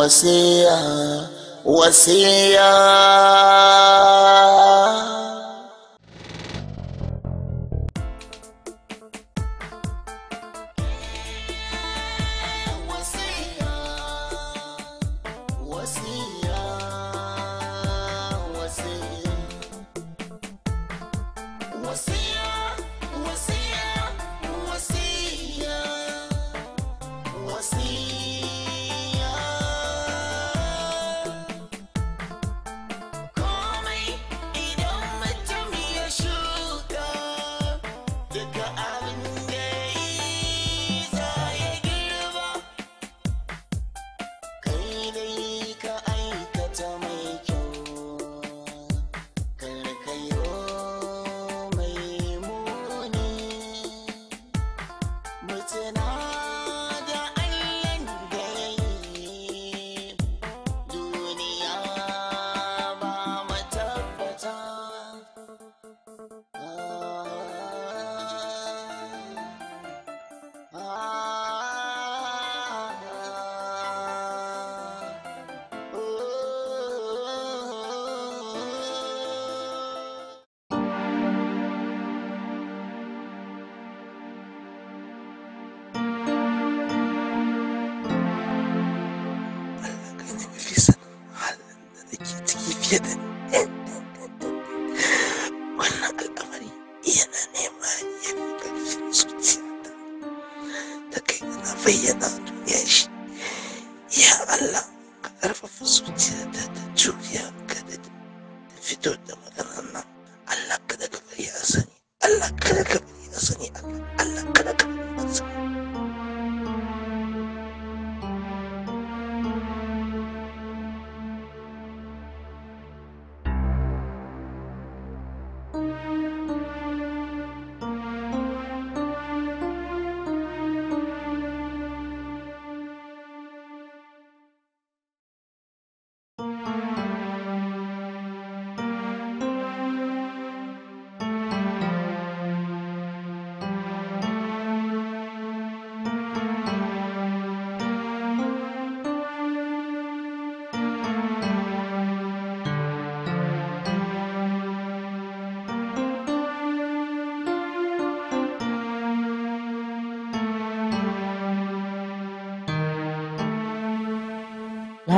wasiya wasiya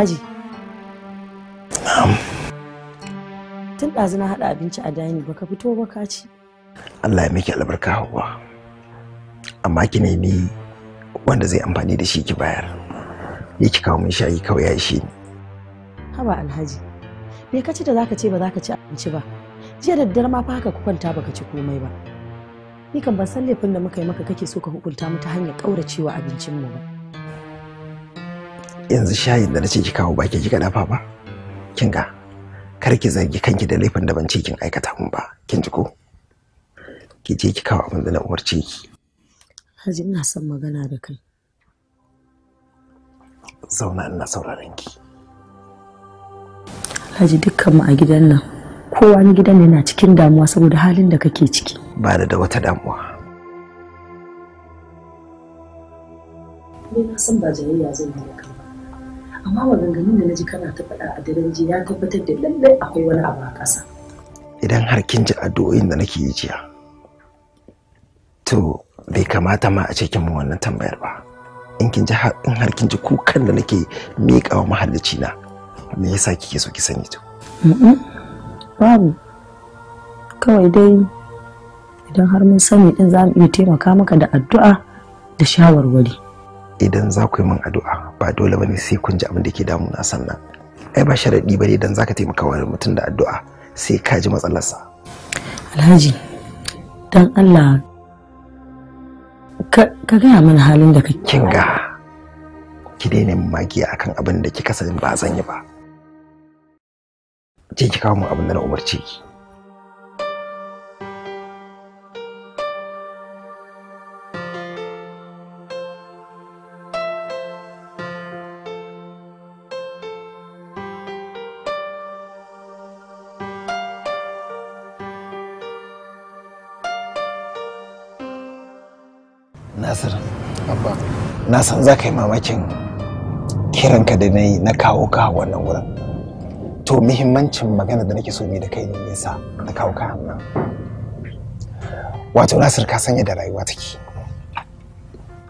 Alhaji. Tun ɗazu na haɗa abinci a dani baka fito ba ka Allah ya miki albarka Hauwa. Amma ki nemi wanda zai amfani da shi ki bayar. Ya ki kawo min shayi kawai ya ishe ni. Haba Alhaji. Me ka ci da zaka ce ba zaka ci abinci ba? Jiya da daddare ma fa haka ku kwanta baka ci komai ba. Ni kan ban san laifin da muka yi maka kake so ka hukunta mu ta hanyar ƙauracewa abincin mu ba. yanzu shayin da na ce ki kawo baki ki dafa ba kin ga kar ki zargi kanki da laifin da ban ce kin aikata mun ba kin ji ko ki je ki kawo abin da na umarce ki Haji ina son magana da kai zauna ina sauraron ki Alhaji dukkan mu a gidan nan kowa na gidan yana cikin damuwa saboda halin da kake ciki ba da da wata damuwa dai na san ba jayayya zai yi da amma maganganun da na kana ta faɗa a daren jiya ya tabbatar da lallai akwai wani abu a ƙasa idan har kin ji addu'o'in da nake yi jiya to bai kamata ma a cikin mu wannan tambayar ba in kin ji in har kin ji kukan da nake miƙa wa mahallaci na me yasa kike so ki sani to babu kawai dai idan har mun sani din za mu iya taimaka maka da addu'a da shawarwari idan za ku yi min addu'a ba dole bane sai kun ji abin da ke damuna sannan ai ba sharaɗi bane idan za ka taimaka wa mutum da addu'a sai ka ji matsalarsa alhaji dan allah ka gaya mana halin da kake kin ga ki daina magiya akan abin da kika san ba zan yi ba je ki kawo min abin da na umarce ki Nasir. Abba. Na san za ka yi mamakin kiranka da na yi na kawo ka wannan wurin. To muhimmancin magana da nake so ni da kai ne yasa na kawo ka nan. Wato Nasir ka sanya da rayuwa take.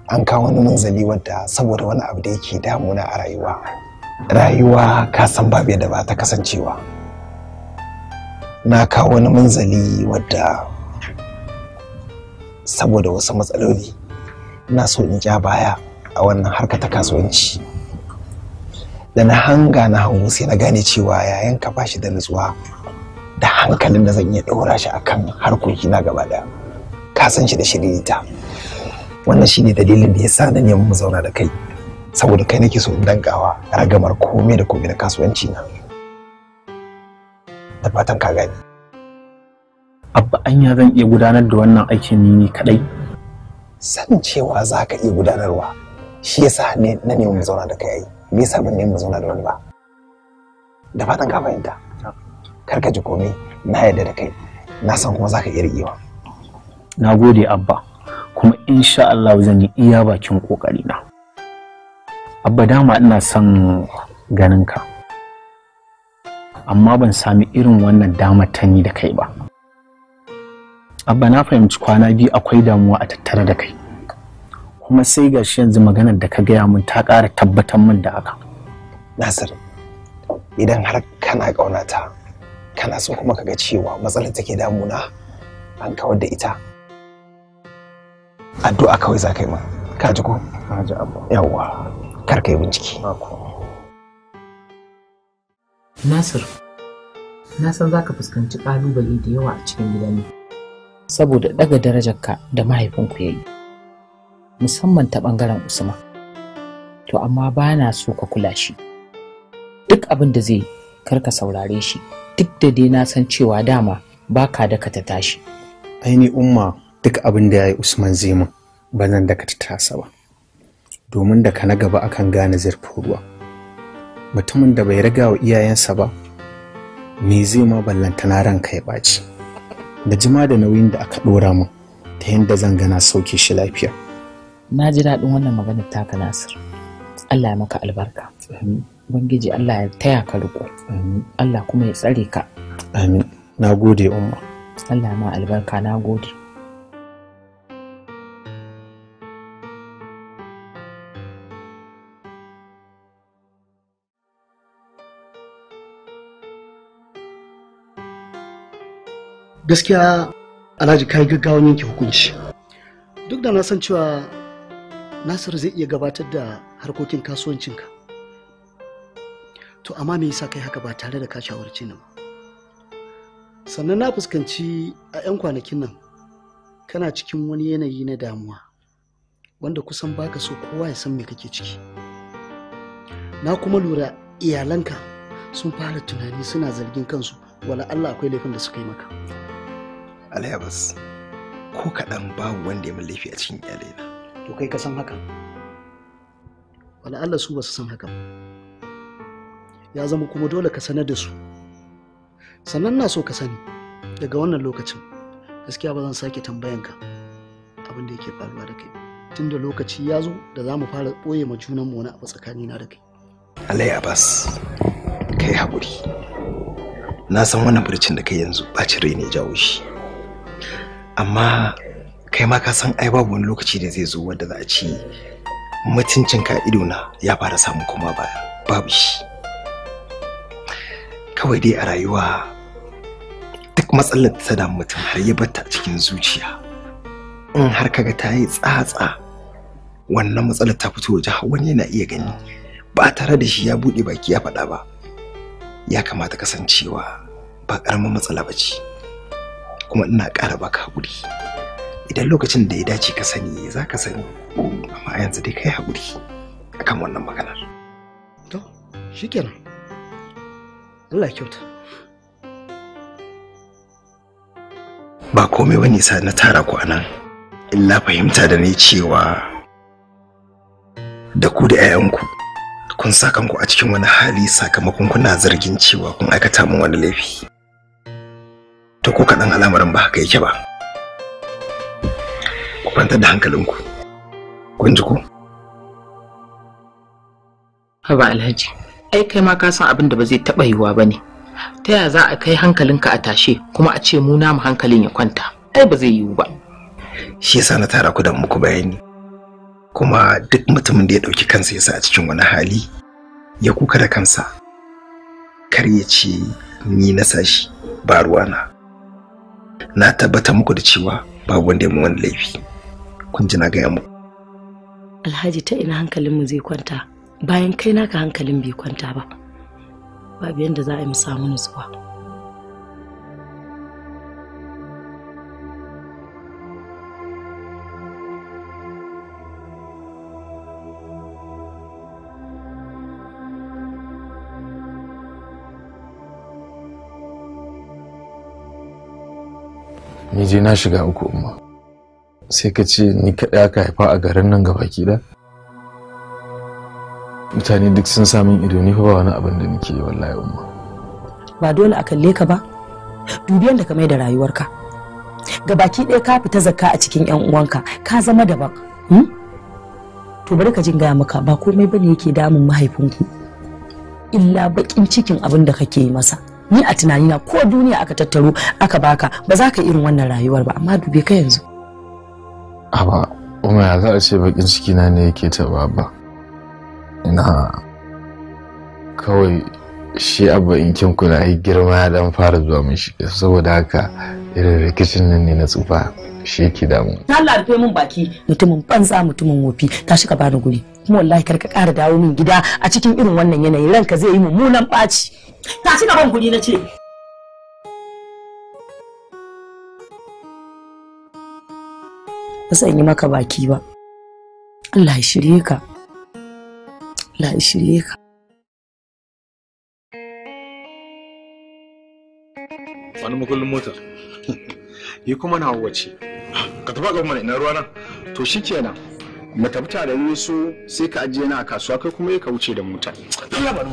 An kawo wani manzali wadda saboda wani abu da yake damuna a rayuwa. Rayuwa ka san babu yadda ba ta kasancewa. Na kawo wani manzali wadda saboda wasu matsaloli ina so in ja baya a wannan harka ta kasuwanci da na hanga na hango sai na gane cewa yayan ka bashi da nutsuwa da hankalin da zan iya ɗora shi akan harkoki na gaba da ka san shi da ta. wannan shine dalilin da ya sa na neman mu zauna da kai saboda kai nake so in dankawa ragamar komai da komai na kasuwanci na da fatan ka gani abba anya zan iya gudanar da wannan aikin ni kadai san cewa za ka iya gudanarwa shi yasa ne na nemi da kai me yasa ban nemi da wani ba da fatan ka fahimta kar ka ji komai na yadda da kai na san kuma za ka iya rigewa na gode abba kuma insha Allah zan yi iya bakin kokari na abba dama ina son ganin ka amma ban sami irin wannan dama ta da kai ba abba na fahimci kwana biyu akwai damuwa a tattare da kai kuma sai gashi yanzu maganar da ka gaya mun ta ƙara tabbatar min da haka nasir idan har kana ƙaunata kana so kuma ka ga cewa matsalar take damuna an kawar da ita addu'a kawai za ka yi ma ka ji ko ka kar ka yi bincike nasir na san za ka fuskanci ƙalubale da yawa a cikin gidan saboda daga darajarka da mahaifinku ya yi musamman ta ɓangaren usman to amma ba na so ka kula shi duk abin da zai karka saurare shi duk da dai na san cewa dama ba ka da ka ta tashi aini umma duk abin da ya yi usman zemun ba zan da ka ta tasa ba domin da ka na gaba akan gane zurfin ruwa mutumin da bai raga wa iyayensa ba me zai ma ballantana ranka ya ɓaci da jima da nauyin da aka ɗora min ta yadda zan gana sauke shi lafiya. Na ji daɗin wannan maganar taka Nasir. Allah ya maka albarka. Ubangiji Allah ya taya ka riko. Allah kuma ya tsare ka. Amin. Na gode, Umma. Allah ya ma albarka, na gode. gaskiya alhaji kai gaggawan yanke hukunci duk da na san cewa nasiru zai iya gabatar da harkokin kasuwancinka to amma me yasa kai haka ba tare da ka shawarci ni ba sannan na fuskanci a 'yan kwanakin nan kana cikin wani yanayi na damuwa wanda kusan baka so kowa ya san me kake ciki na kuma lura iyalanka sun fara tunani suna zargin kansu wala Allah akwai laifin da suka yi maka alayyabas ko kaɗan babu wanda ya mallafi a cikin iyalaina to kai ka san haka wala Allah su ba su san hakan ya zama kuma dole ka sanar da su sannan na so ka sani daga wannan lokacin gaskiya ba zan sake tambayan ka abin da yake faruwa da kai tun da lokaci ya zo da za mu fara ɓoye ma junanmu wani abu tsakanina da kai Alai Abbas, kai hakuri. Na san wannan burcin da kai yanzu ɓacin rai ne jawo shi. amma kai ma ka san ai babu wani lokaci da zai zo wanda za a ce ka'ido na ya fara samu kuma ba babu shi kawai dai a rayuwa duk matsalar ta da mutum har ya batta cikin zuciya in har kaga ta yi tsatsa wannan matsalar ta fito waje wani yana iya gani ba tare da shi ya buɗe baki ya faɗa ba ya kamata kasancewa ba ƙaramin matsala ba ce. kuma ina ƙara baka haƙuri idan lokacin da ya dace ka sani za ka sani amma yanzu dai kai haƙuri akan wannan maganar to shikenan Allah ya kyauta ba komai bane sa na tara ku anan illa fahimta da ni cewa da ku da 'ya'yanku kun sa kanku a cikin wani hali sakamakon kuna zargin cewa kun aikata min wani laifi to ko kaɗan al'amarin ba haka yake ba ku kwantar da hankalinku kun ji ku haba alhaji ai kai ma ka san abin da ba zai taɓa yiwuwa ba ne ta yaya za a kai hankalinka a tashe kuma a ce mu namu hankalin ya kwanta ai ba zai yiwu ba shi yasa na tara ku da muku bayani kuma duk mutumin da ya ɗauki kansa yasa a cikin wani hali ya kuka da kansa kar ya ce ni na sashi ba ruwana na tabbata muku da cewa babu wanda mu wani laifi kun ji na gaya muku alhaji ta ina hankalin mu zai kwanta bayan kai naka hankalin bai kwanta ba babu yadda za a yi mu samu nutsuwa ni je na shiga uku umma sai ka ce ni kaɗai aka haifa a garin nan gaba da mutane duk sun samun ido ni fa ba wani abin da nake yi wallahi umma ba dole a kalle ka ba dubiyan da ka mai da rayuwarka ga baki ɗaya ka fita zakka a cikin yan uwanka ka zama daban hmm? to bari ka jin gaya maka ba komai bane yake damun mahaifinku illa baƙin cikin abin da kake yi masa ni a tunani na ko duniya aka tattaro aka baka ba za ka irin wannan rayuwar ba amma dube ka yanzu aba kuma ya za a ce bakin ciki na ne yake taba ba ina kawai shi abba in kin kula ai girma ya dan fara zuwa mishi saboda haka irin rikicin nan ne na tsufa shi ki damu ta larfe min baki mutumin banza mutumin wofi ta shi ka bani guri kuma wallahi kar ka ƙara dawo min gida a cikin irin wannan yanayin ranka zai yi mummunan ɓaci ta shi ka ban guri na ce ba yi maka baki ba Allah ya shirye ka Allah ya shirye ka wani makullin motar yi kuma na wace ka tafi ga mana ina na. to shikenan mu tafi tare ne so sai ka ajiye na a kasuwa kai kuma ka wuce da mota Allah ba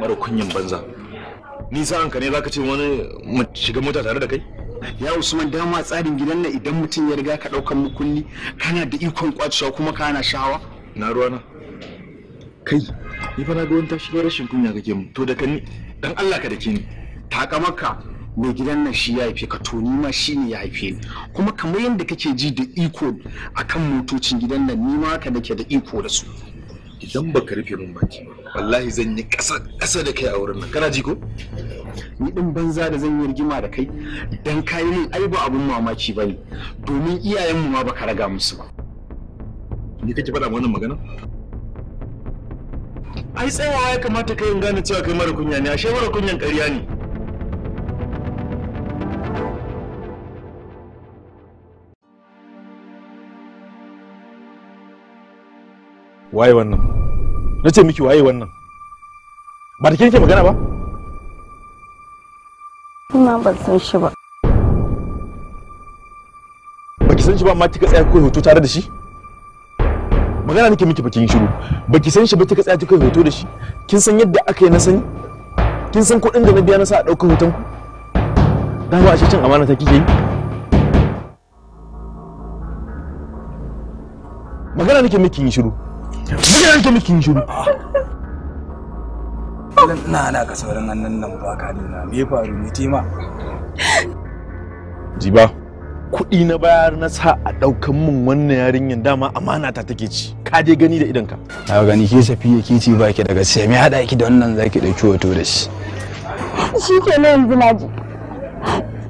mara kunyin banza ni sa'an ka ne zaka ce wani mu shiga mota tare da kai ya usman dama tsarin gidan nan idan mutum ya riga ka daukan mukulli kana da ikon kwacewa kuma kana shawa na ruwana kai ni fa na ga wani tashi rashin kunya kake mu to da kani dan Allah ka dake ni takamaka mai gidan nan shi ya haife ka to ni ma shi ne ya haife ni kuma kamar yadda kake ji da iko akan motocin gidan nan ni ma haka nake da iko da su idan baka rufe min baki wallahi zan yi ƙasa da kai a wurin nan kana ji ko ni din banza da zan yi rigima da kai dan kai ne ai ba abun mamaki bane domin iyayenmu ma baka raga musu ba ni kake faɗa wannan magana ai tsayawa ya kamata kai in gane cewa kai mara kunya ne ashe mara kunyan ƙarya ne waye wannan na ce miki waye wannan ba da ke ke magana ba ina ban san shi ba ki san shi ba amma kika tsaya kai hoto tare da shi magana nake miki bakin shiru baki san shi ba kika tsaya kai hoto da shi kin san yadda aka yi na sani kin san kuɗin da na biya na sa a ɗaukar hoton ku da ba a cin amana ta kike yi magana nake miki yin shiru Buga yanke miki shiru. Na na ka sauran annan nan ba ka dina me faru ni tima. Jiba kuɗi na bayar na sa a ɗaukan mun wannan yarinyar dama amana ta take ci ka dai gani da ka. Na gani ke safiya kici ci baki daga sai me haɗa ki da wannan zaki ɗauki hoto da shi. Shi ke nan yanzu na ji.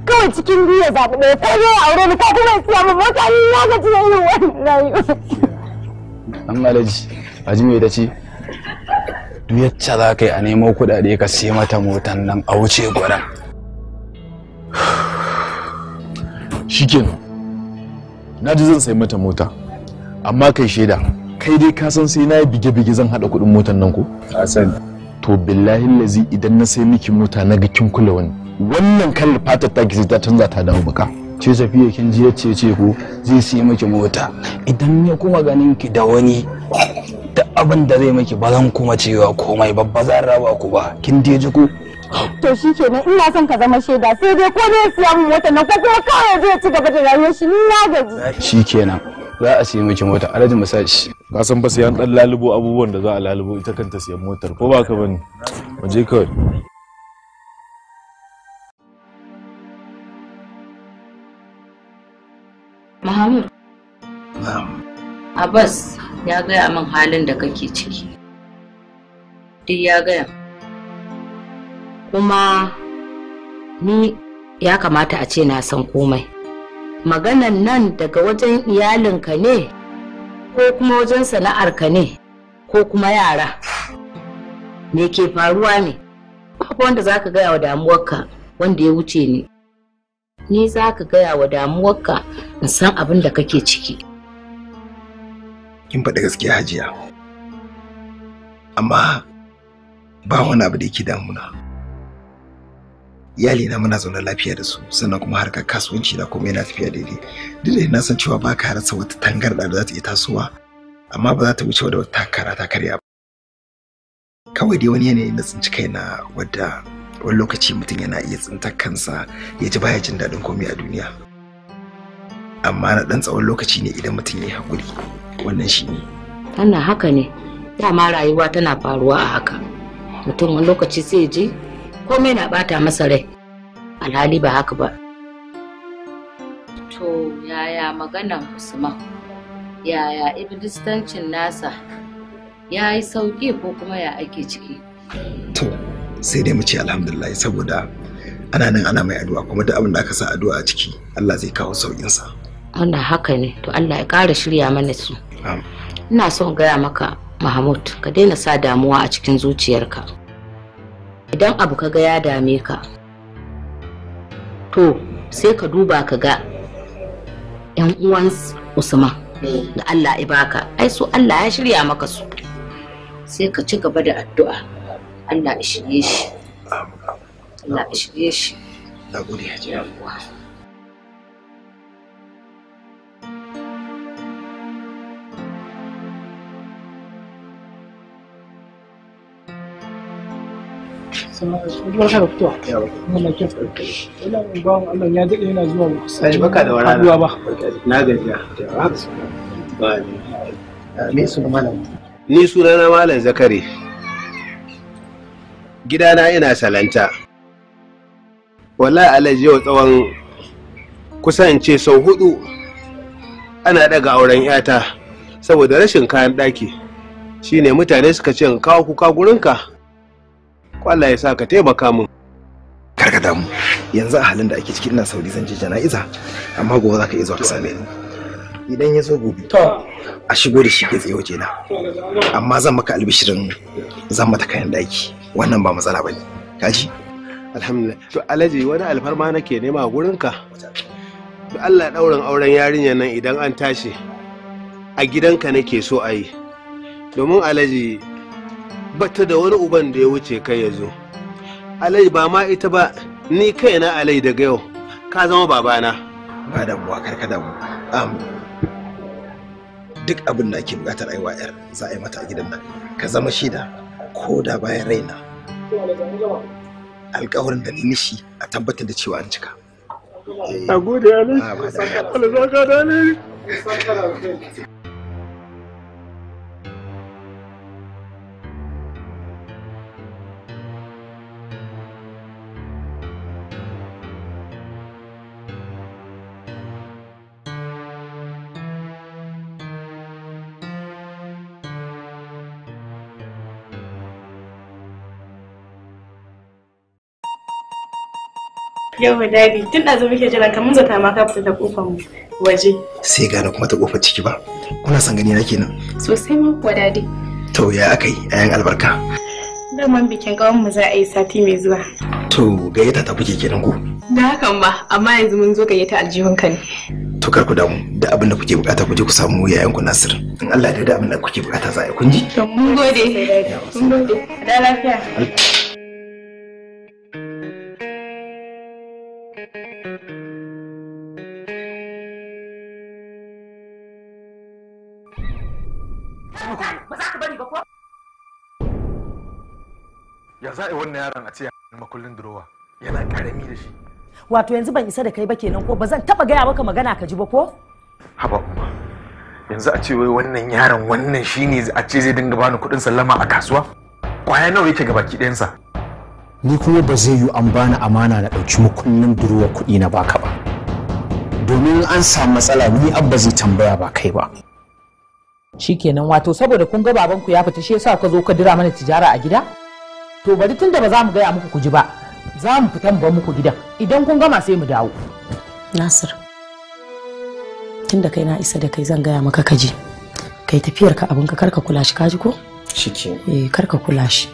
kawai cikin biyu ya zaɓi ɗaya ta zo aure ni ka kuma siya mu mutane na gaji da yin wannan an alaji aji mai da ci duk za ka yi a nemo kuɗaɗe ka sai mata motan nan a wuce gwada. shikenan na ji zan sai mata mota amma kai shaida kai dai ka san sai na yi bige-bige zan haɗa kuɗin motan nan ko a san. to billahi lazi idan na sai miki mota na ga kin kula wani wannan kalar fatar ta sai ta canza ta dawo baka ce safiya kin ji yace ce ko zai siya miki mota idan ya kuma ganin ki da wani da abin da zai miki bazan zan kuma cewa komai babba zan raba ku ba kin je ji ko to shi kenan ina son ka zama shaida sai dai ko ne siya min mota na ko kuma kawai zai ci gaba da rayuwar shi ni na gaji shi kenan za a siya miki mota alhaji masashi ka san ba siyan dan lalubo abubuwan da za a lalubo ita kanta siyan motar ko ba ka bane mu je kawai Muhammad. Abbas ya gaya min halin da kake ciki. Duk ya gaya. Kuma ni ya kamata a ce na san komai. Maganan nan daga wajen iyalinka ne, ko kuma wajen sana'arka ne, ko kuma yara. Me ke faruwa ne? Babu wanda za ka gaya wa damuwarka wanda ya wuce ni. ni za ka gaya wa damuwarka in san abin da kake ciki. Kin faɗi gaskiya hajiya. Amma ba wani abu da yake damuna. Iyali na muna zaune lafiya da su sannan kuma harkar kasuwanci na kuma yana tafiya daidai. Duk da na san cewa ba ka rasa wata tangarɗa da za ta iya tasowa amma ba za ta wuce da wata takara ta karya ba. Kawai dai wani yanayi na tsinci na wadda wani lokaci mutum yana iya tsintar kansa ya ji baya jin daɗin komai a duniya amma na ɗan tsawon lokaci ne idan mutum ya haƙuri wannan shi ne ana haka ne dama rayuwa tana faruwa a haka mutum wani lokaci sai ji komai na bata masa rai alhali ba haka ba to yaya maganan usman yaya ibidistancin nasa ya yi sauƙi ko kuma ya ake ciki to sai dai mu ce alhamdulillah saboda ana nan ana mai addu'a kuma duk abin da aka sa addu'a a ciki Allah zai kawo saukin sa wannan haka ne to Allah ya ƙara shirya mana su ina so in gaya maka Mahmud ka daina sa damuwa a cikin zuciyarka idan abu ka ga ya dame ka to sai ka duba ka ga yan uwan Usman da Allah ya baka ai su Allah ya shirya maka su sai ka ci gaba da addu'a Allah ya shirye shi Allah ya shi na gode hajiya Ni sunana malam Zakari. gidana ina salanta wallahi alaji yau tsawon kusan ce sau hudu ana daga auren yata saboda rashin kayan daki shine mutane suka ce in kawo kuka gurinka kwallaye sa ka taimaka min ka damu yanzu a halin da ake ciki ina sauri zan je jana'iza amma gobe za ka iya zuwa ka same ni idan ya zo gobe a shigo da shi ke tsaye waje na amma zan maka albishirin zan mata kayan daki wannan ba matsala bane kaji alhamdulillah to alaji wani alfarma nake nema gurin ka to Allah daura auren yarinyar nan idan an tashi a gidanka nake so a yi domin alaji bata da wani uban da ya wuce kai ya zo ba ma ita ba ni kaina alhaji daga yau ka zama babana ba damuwa kar ka damu duk abin da ake bukatar aiwa yar za a yi mata a gidan nan ka zama shida ko da bayan raina alkawarin da ni a tabbatar da cewa an cika eh. a gode alai alzaka ah, da alai Yau dadi tun da zubi ke jira kamun zata ma ka fita kofa mu waje. Sai gane kuma ta kofar ciki ba. Kuna san gani na kenan. Sosai ma kuwa dadi. To ya akai ayan albarka. man bikin kawon mu za a yi sati mai zuwa. To gayyata ta kuke kenan ko? Da hakan ba amma yanzu mun zo gayyata aljihun ka ne. To kar ku damu da abin da kuke bukata ku je ku samu yayan ku Nasir. In Allah ya da abin da kuke bukata za a yi kun ji. mun gode. Mun gode. Da lafiya. ya za'i wannan yaron a ce makullin durowa yana karami da shi wato yanzu ban isa da kai ba kenan ko ba zan taba gaya maka magana ka ji ba ko haba umma yanzu a ce wai wannan yaron wannan shine a ce zai dinga bani kuɗin sallama a kasuwa kwaya nawa yake gabaki ɗayansa ni kuma ba zai yi an bani amana na ɗauki makullin durowa kuɗi na baka ba domin an samu matsala ni abba zai tambaya ba kai ba shikenan wato saboda kun ga babanku ya fita shi yasa ka zo ka dira mana tijara a gida to bari tun da ba za mu gaya muku ku ji ba za mu fitan ba muku gidan idan kun gama sai mu dawo nasir tun da kai na isa da kai zan gaya maka kaji kai tafiyar ka abinka karka kula shi kaji ko shike eh karka kula shi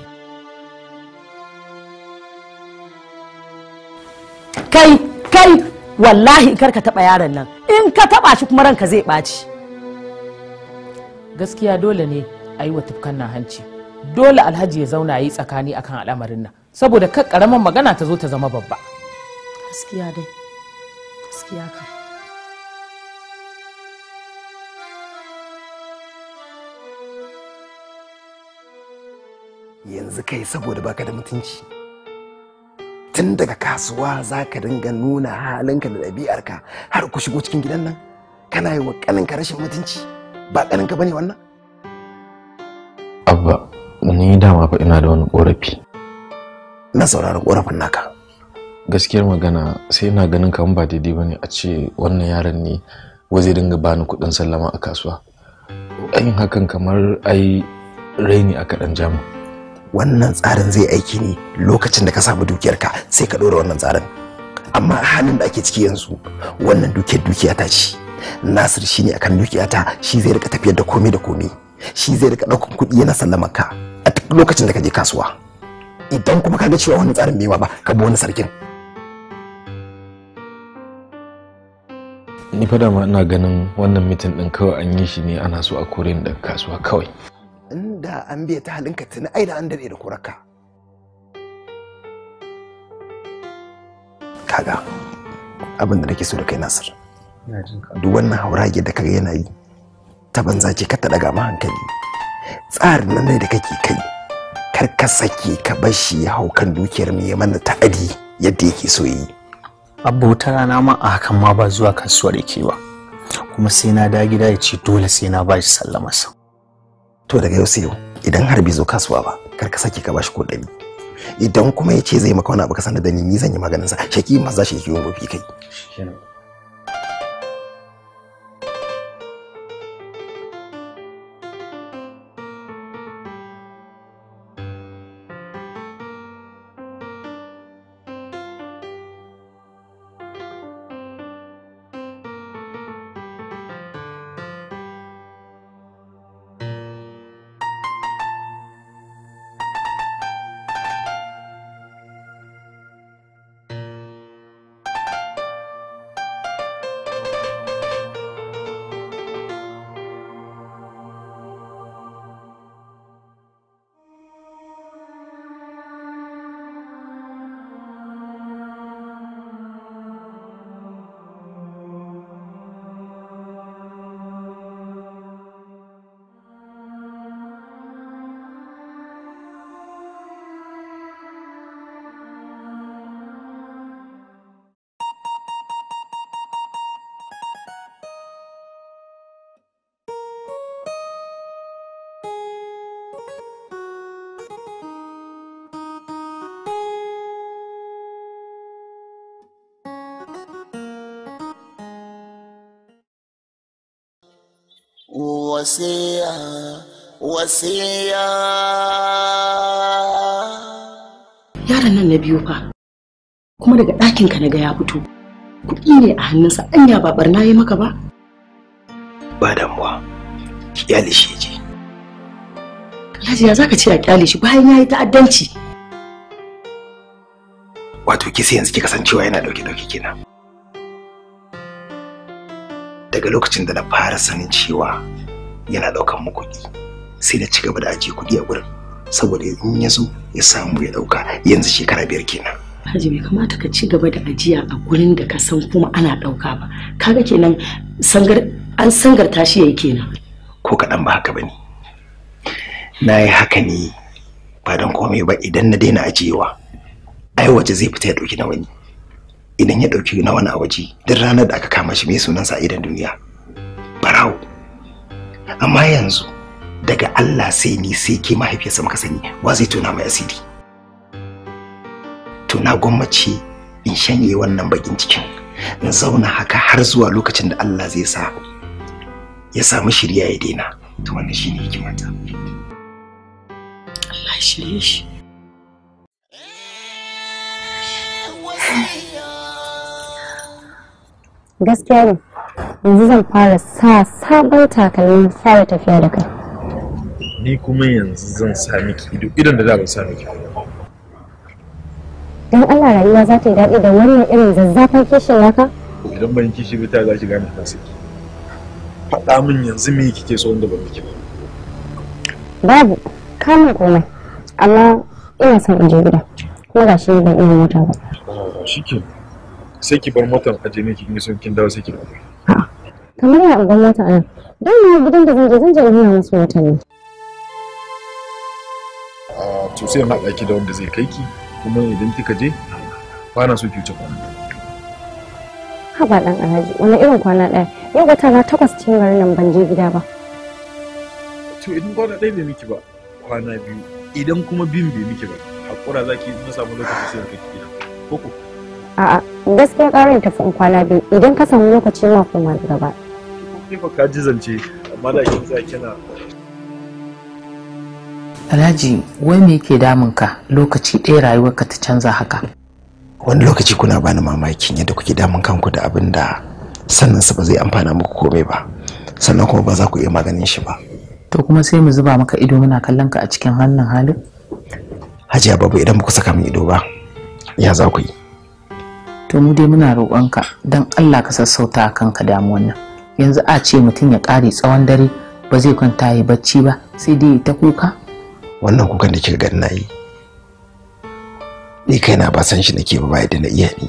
kai kai wallahi karka taba yaron nan in ka taba shi kuma ranka zai ɓaci gaskiya dole ne a yi wa tufkan na hanci dole alhaji ya zauna yi tsakani akan al'amarin nan saboda kar karaman magana ta zo ta zama babba gaskiya dai gaskiya ka yanzu kai saboda baka da mutunci tun daga kasuwa za ka dinga nuna halinka da ɗabi'arka har ku shigo cikin gidan nan kana yi wa ƙaninka rashin mutunci ba ƙaninka bane wannan abba ni dama fa ina da wani korafi na sauraron korafin naka gaskiyar magana sai ina ganin kamar ba daidai ba ne a ce wannan yaron ne waje dinga bani kuɗin sallama a kasuwa yin hakan kamar ai raini a kaɗan jamu wannan tsarin zai aiki ne lokacin da ka samu dukiyarka sai ka ɗora wannan tsarin amma halin da ake ciki yanzu wannan dukiyar dukiyata ta ce nasir ne akan dukiyata. shi zai rika tafiyar da komai da komai shi zai rika ɗaukar kuɗi yana sallamar ka a duk lokacin da ka je kasuwa idan kuma ka ga cewa wani tsarin bai ba ka bi wani sarkin ni fa ma ina ganin wannan mitin din kawai an yi shi ne ana so a kore ni daga kasuwa kawai inda an biya ta halinka tuni ai da an dade da korarka kaga abin da nake so da kai Nasir duk wannan haurage da kaga yana yi ta banza ce ka ta daga ma hankali tsarin nan da kake kai kar ka sake ka bar shi ya hau kan dukiyar mu ya mana ta'adi yadda yake so yi abota rana ma a hakan ma ba zuwa kasuwar yake ba kuma sai na da gida ya ce dole sai na ba shi sallamarsa to daga yau sai yau idan har bai zo kasuwa ba kar ka sake ka bashi ko dani idan kuma ya ce zai maka wani abu ka sanar da ni ni zan yi maganin sa shaki ma za shi yi gobe kai wasiya wasiya yaron nan na biyu fa kuma daga ɗakin ka naga ya fito kuɗi ne a hannunsa anya ba barna yi maka ba ba damuwa ki kyale shi je yaji ya zaka ce a kyale shi bayan yayi ta'addanci wato ki yanzu kika san yana dauke dauke kina. daga lokacin da na fara sanin cewa yana ɗaukan mu kuɗi sai da cigaba da ajiye kuɗi a gurin saboda in ya zo ya samu ya ɗauka yanzu shekara biyar kenan Haji bai kamata ka ci gaba da ajiya a gurin da ka san kuma ana ɗauka ba kaga kenan sangar an sangar tashi yayi kenan ko kaɗan ba haka bane na yi haka ne ba don komai ba idan na daina ajiyewa ai waje zai fita ya ɗauki na wani idan ya ɗauki na wani a waje duk ranar da aka kama shi mai sunansa a idan duniya barawo amma yanzu daga Allah sai ni sai ke mahaifiyarsa maka sani wa zai tona mai asiri to na gwammace in shanye wannan bakin cikin in zauna haka har zuwa lokacin da Allah zai sa ya samu shirya ya daina to wannan shine hikimata Allah shirye shi gaskiya ne yanzu zan fara sa sabon takalmin fara tafiya da kai ni kuma yanzu zan sa miki ido idan da za ban sa miki dan Allah rayuwa za ta yi daɗi da wannan irin zazzafan kishin naka idan ban kishi ba ta za ki gane ta saki faɗa min yanzu me kike so wanda ban miki ba babu kamun komai amma ina son in je gida kuma gashi ban iya mota ba ke. sai ki bar motar aje ne kin yi son kin dawo sai ki dawo kamar ya uban wata nan don ma gudun da zan je zan je in nuna musu wata ne ah, to sai na ɗaki da wanda zai kai ki kuma idan kika je kwana so ki wuce kwana haba ɗan alhaji wani irin kwana ɗaya yau wata na takwas cikin garin nan ban je gida ba to idan kwana ɗaya bai miki ba kwana biyu idan kuma biyun bai miki ba haƙura za ki na samu lokaci sai ka gida koko a'a gaskiya ƙarin tafi in kwana biyu idan ka samu lokaci ma kuma gaba Alhaji wai me yake damun ka lokaci ɗaya rayuwar ka ta canza haka wani lokaci kuna bani mamakin yadda kuke damun kanku da abin da sannan su ba zai amfana muku komai ba sannan kuma ba za ku iya maganin shi ba to kuma sai mu zuba maka ido muna kallon ka a cikin hannun halin hajiya babu idan muku saka min ido ba ya za ku yi to mu dai muna roƙonka don allah ka sassauta kanka damuwan nan yanzu a ce mutum ya ƙare tsawon dare ba zai kwanta ya bacci ba sai dai ta kuka wannan kukan da kika gani nayi ni kaina ba san shi nake ba bai da na iya ni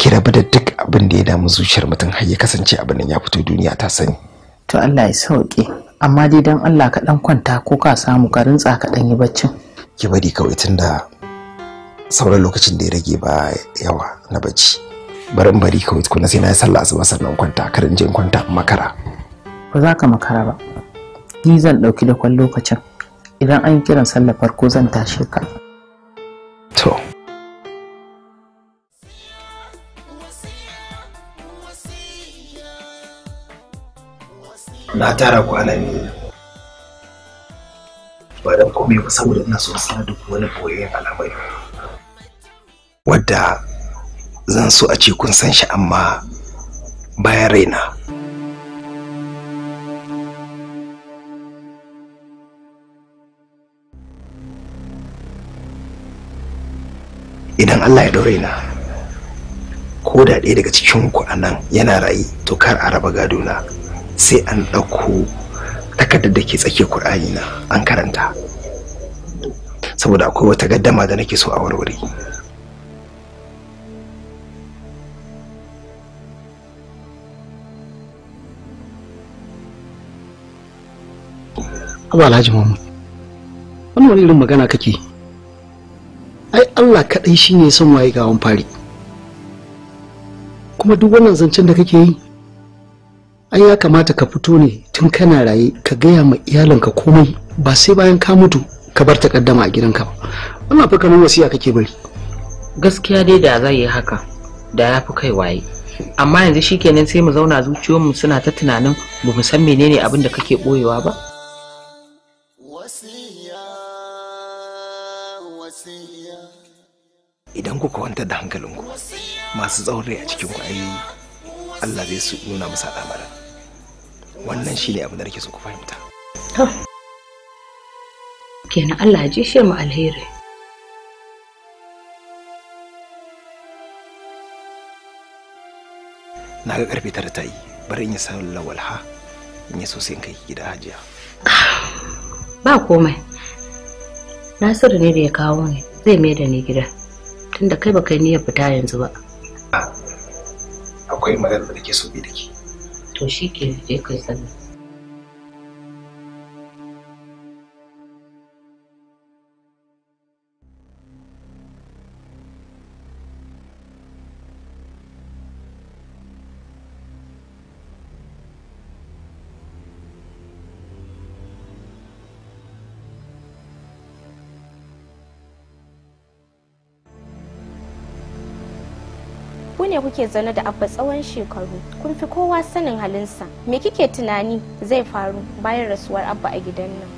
ki rabu da duk abin da ya damu zuciyar mutum har ya kasance abin nan ya fito duniya ta sani to Allah ya sauke amma dai dan Allah ka dan kwanta ko ka samu ka rintsa ka dan yi baccin ki bari kawai tunda sauran lokacin da ya rage ba yawa na bacci bari in bari kawai na sai na yi sallah asuba sannan kwanta kar in kwanta makara ba za ka makara ba ni zan ɗauki da kwallo lokacin idan an yi kiran sallah farko zan tashe ka to na tara kwanani ba don komai ba saboda ina so sanar da wani wadda zan so a ce kun san shi amma bayan raina idan allah ya ɗaure na ko da ɗaya daga cikin ku a yana rayu to kar a raba gado na sai an ɗauko takardar da ke tsake kur'ani na an karanta saboda akwai wata gaddama da nake so a warware Abu Alhaji Mahmud. Wannan wani irin magana kake? Ai Allah kaɗai shi ne son waye ga gawan fari. Kuma duk wannan zancen da kake yi, ai ya kamata ka fito ne tun kana raye ka gaya ma iyalanka komai ba sai bayan ka mutu ka bar takaddama a gidanka ba. Wannan fa kamar wasiya kake bari. Gaskiya dai da zai yi haka da ya fi kai waye. amma yanzu shikenan sai mu zauna zuciyoyinmu suna ta tunanin ba mu san menene abin da kake boyewa ba idan kuka wanta da hankalinku masu tsawon rai a cikin ku Allah zai su nuna musu al'amarin wannan shi ne abin da su su ku fahimta kenan Allah ya jishe mu alheri na ga karfe tara ta yi bari in yi sallar walha in yi sosai in kai gida hajiya ah, ba komai nasiru ne da ya kawo ni zai mai da ni gida tunda kai baka yi niyyar fita yanzu ba akwai magana da ke so bi da ke to shi ke je kai sannan. ne kuke zaune da abba tsawon shekaru kun fi kowa sanin halinsa me kike tunani zai faru bayan rasuwar abba a gidan nan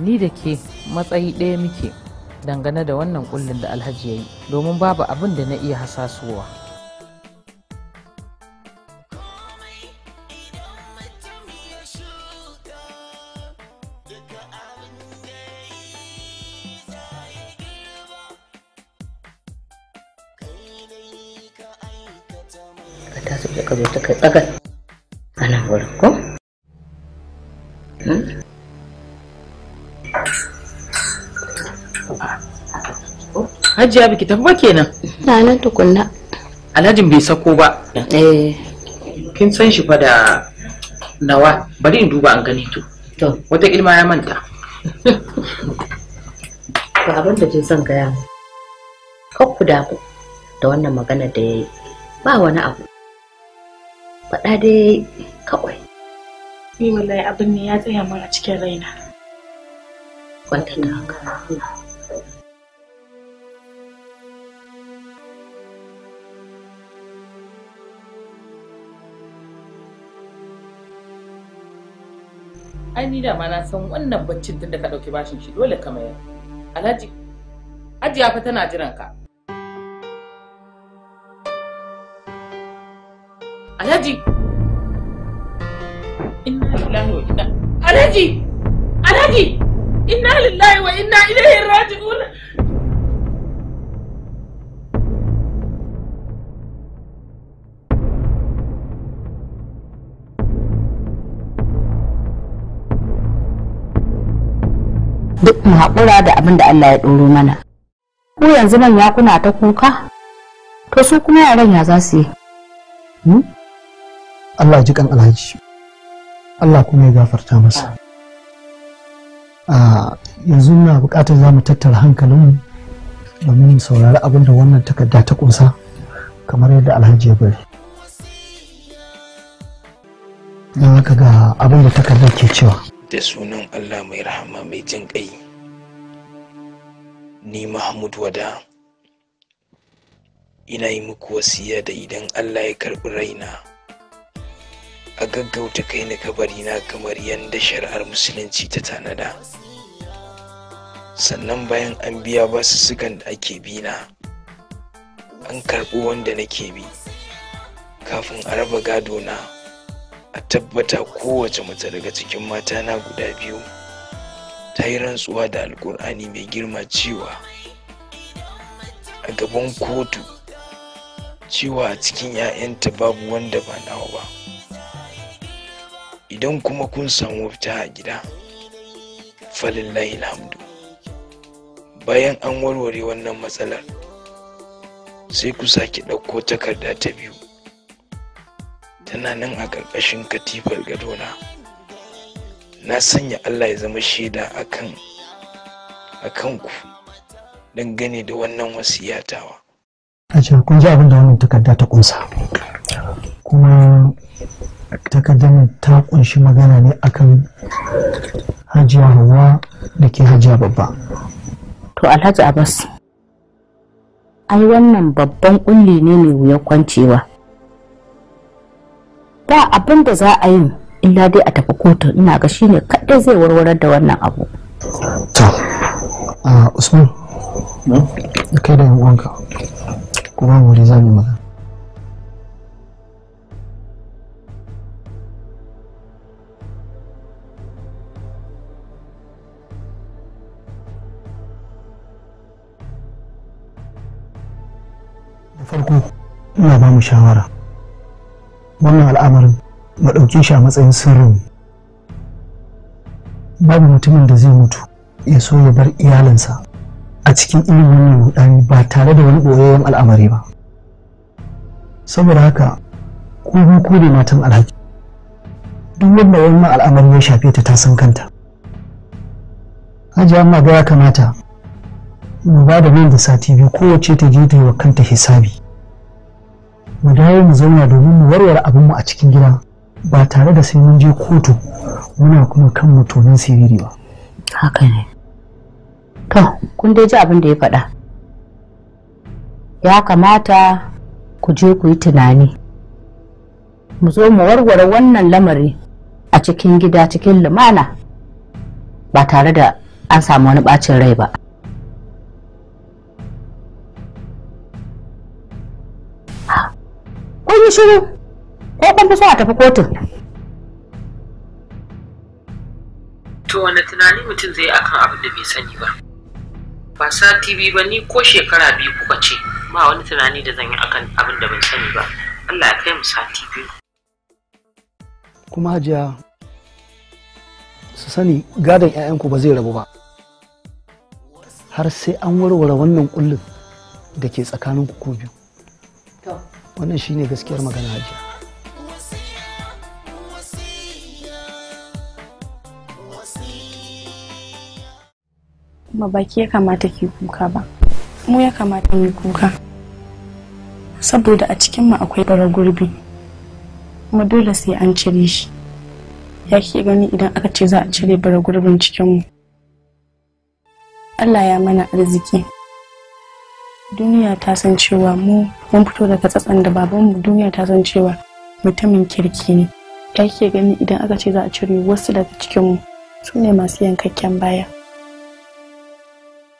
ni da ke matsayi ɗaya muke dangane da wannan kullum da alhaji ya yi domin babu abin da na iya hasasuwa kai tsagas a nan wurin ko? Hmm? Hajiya biki tafi ba kenan. Na nan tukunna. Alhajin bai sako ba. Eh. Kin san shi fa da nawa bari in duba an gani to. To. Wata ilma ya manta. Ba abin da ke son gaya mu. Kakku da ku, da wannan magana da ya yi ba wani abu. faɗa dai kawai ni wallahi abin ne ya tsaya min a cikin raina kwanta da haka. ai ni da ma na san wannan baccin tun da ka ɗauki bashin shi dole ka mayar alhaji Hajiya fa tana jiran ka Alhaji! Inna lillahi wa inna Alhaji! Alhaji! Inna lillahi wa inna ilaihi raji'un. Duk mu haƙura da abin da Allah ya ɗoro mana. Ko yanzu manya kuna ta kuka? To su kuma yaran ya za su yi? Hmm? Allah ji kan alhaji Allah kuma ya gafarta masa a yanzu na bukatar za mu tattara hankalinmu domin mu saurari abin da wannan takarda ta kunsa kamar yadda alhaji ya bari don haka ga abin da takardar ke cewa da sunan Allah mai rahama mai jin ƙai ni Mahmud Wada ina yi muku wasiya da idan Allah ya karɓi raina a gaggauta kai ni kabari na kamar yadda shari'ar musulunci ta tanada sannan bayan an biya basu sukan da ake bi na an karɓi wanda nake bi kafin a raba gado na a tabbata kowace mace daga cikin mata na guda biyu ta yi rantsuwa da alkur'ani mai girma cewa a gaban kotu cewa a cikin 'ya'yanta babu wanda ba nawa ba idan kuma kun samu fita a gida falillahi alhamdu bayan an warware wannan matsalar sai ku sake ɗauko takarda ta biyu tana nan a ƙarƙashin katifar gadona na sanya allah ya zama shaida a kan ku dangane da wannan wasiyatawa a kun ji abin da wannan takarda ta kunsa kuma takaddama ta kunshi magana ne akan hajiya hawa da ke hajiya babba to alhaji abbas ai wannan babban kulli ne mai wuyan kwancewa ba abin da za a yi illa dai a tafi kotu ina ga shine kadai zai warware da wannan abu to usman kai da yan uwanka kuma wuri za mu magana farko ina ba mu shawara wannan al'amarin mu ɗauke shi a matsayin sirri babu mutumin da zai mutu ya so ya bar iyalinsa a cikin irin wannan rudani ba tare da wani ɓoyayyen al'amari ba saboda haka ko mu ko ne matan alhaki duk wanda wannan al'amari ya shafe ta ta san kanta hajiya amma ga ya kamata mu ba da nan da sati biyu kowace ta je ta yi wa kanta hisabi mu dawo mu zauna domin mu warware abinmu a cikin gida ba tare da sai mun je kotu muna kuma kan mutumin siriri ba haka ne to kun dai ji abin da ya faɗa ya kamata ku je ku yi tunani mu zo mu warware wannan lamari a cikin gida cikin lumana ba tare da an samu wani ɓacin rai ba an yi shiru ko kun fi so a tafi kotun to wani tunani mutum zai akan abin da bai sani ba ba sati biyu ba ni ko shekara biyu kuka ce ba wani tunani da zan yi akan abin da ban sani ba Allah ya kai mu sati biyu kuma hajiya su sani gadon 'ya'yanku ba zai rabu ba har sai an warware wannan kullum da ke tsakanin ku biyu wannan shine gaskiyar magana hajiya kuma baki ya kamata ke kuka ba mu ya kamata mu kuka saboda a cikinmu akwai bara gurbi kuma dole sai an cire shi ya ke gani idan aka ce za a cire bara gurbin cikinmu Allah ya mana arziki duniya ta san cewa mu mun fito daga tsatsan da babanmu duniya ta san cewa mutumin kirki ne ya ke gani idan aka ce za a cire wasu daga cikinmu su ne masu yankakken baya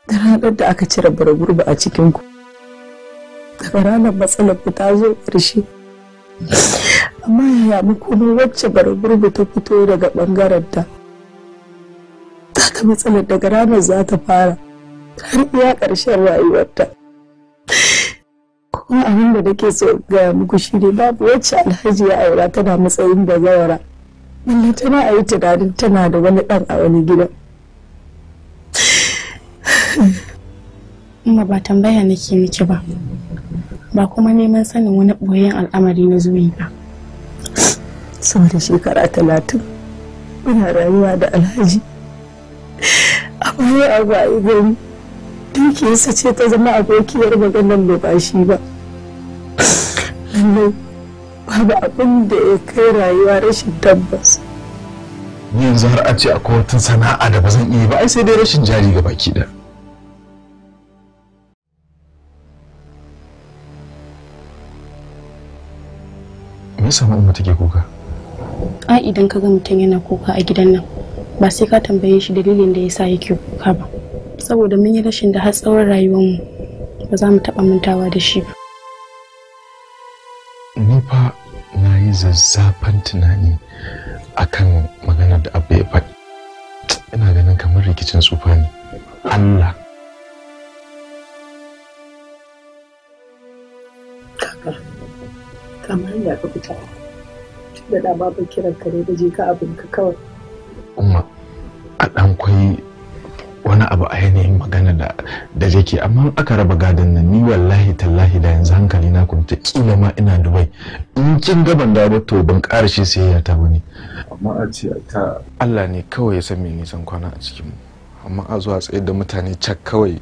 da ranar da aka cire baragurba a cikinku daga ranar matsalar ku ta zo ƙarshe amma yaya makonin wacce baragurba ta fito daga ɓangaren ta ta matsalar daga ranar za ta fara har iya ƙarshen rayuwarta Kuma abin da nake so ga muku shi ne babu wacce alhaji ya aura tana matsayin da zawara balle tana a yi tunanin tana da wani dan a wani gida. Amma ba tambaya nake miki ba ba kuma neman sanin wani boyen al'amari na zuwi ba sama shekara talatin muna rayuwa da alhaji abu a gani. dukiyarsa ce ta zama abokiyar maganar da ba shi ba babu abin da ya kai rayuwa rashin tabbas ni yanzu har a ce akwai wata sana'a da ba zan iya ba ai sai dai rashin jari ga baki da me yasa ma'amma take kuka a idan ka ga mutum yana kuka a gidan nan ba sai ka tambaye shi dalilin da yasa yake kuka ba saboda mun yi rashin da har tsawon rayuwarmu ba za mu taɓa mantawa da shi ba zazzafan tunani akan magana da abu ya faɗi ina ganin kamar rikicin tsufa ne allah kamar ya ka fita tun da dama kiran ka ne da je ka abin ka kawai Kuma a ɗan kwai wani abu a yanayin magana da da yake amma aka raba gadon nan ni wallahi tallahi da yanzu hankali na ta kila ma ina dubai in kin gaban da ba to ban ƙara shi ya ta bane amma a ce ta Allah ne kawai ya san me nisan kwana a cikin mu amma a zuwa tsaye da mutane cak kawai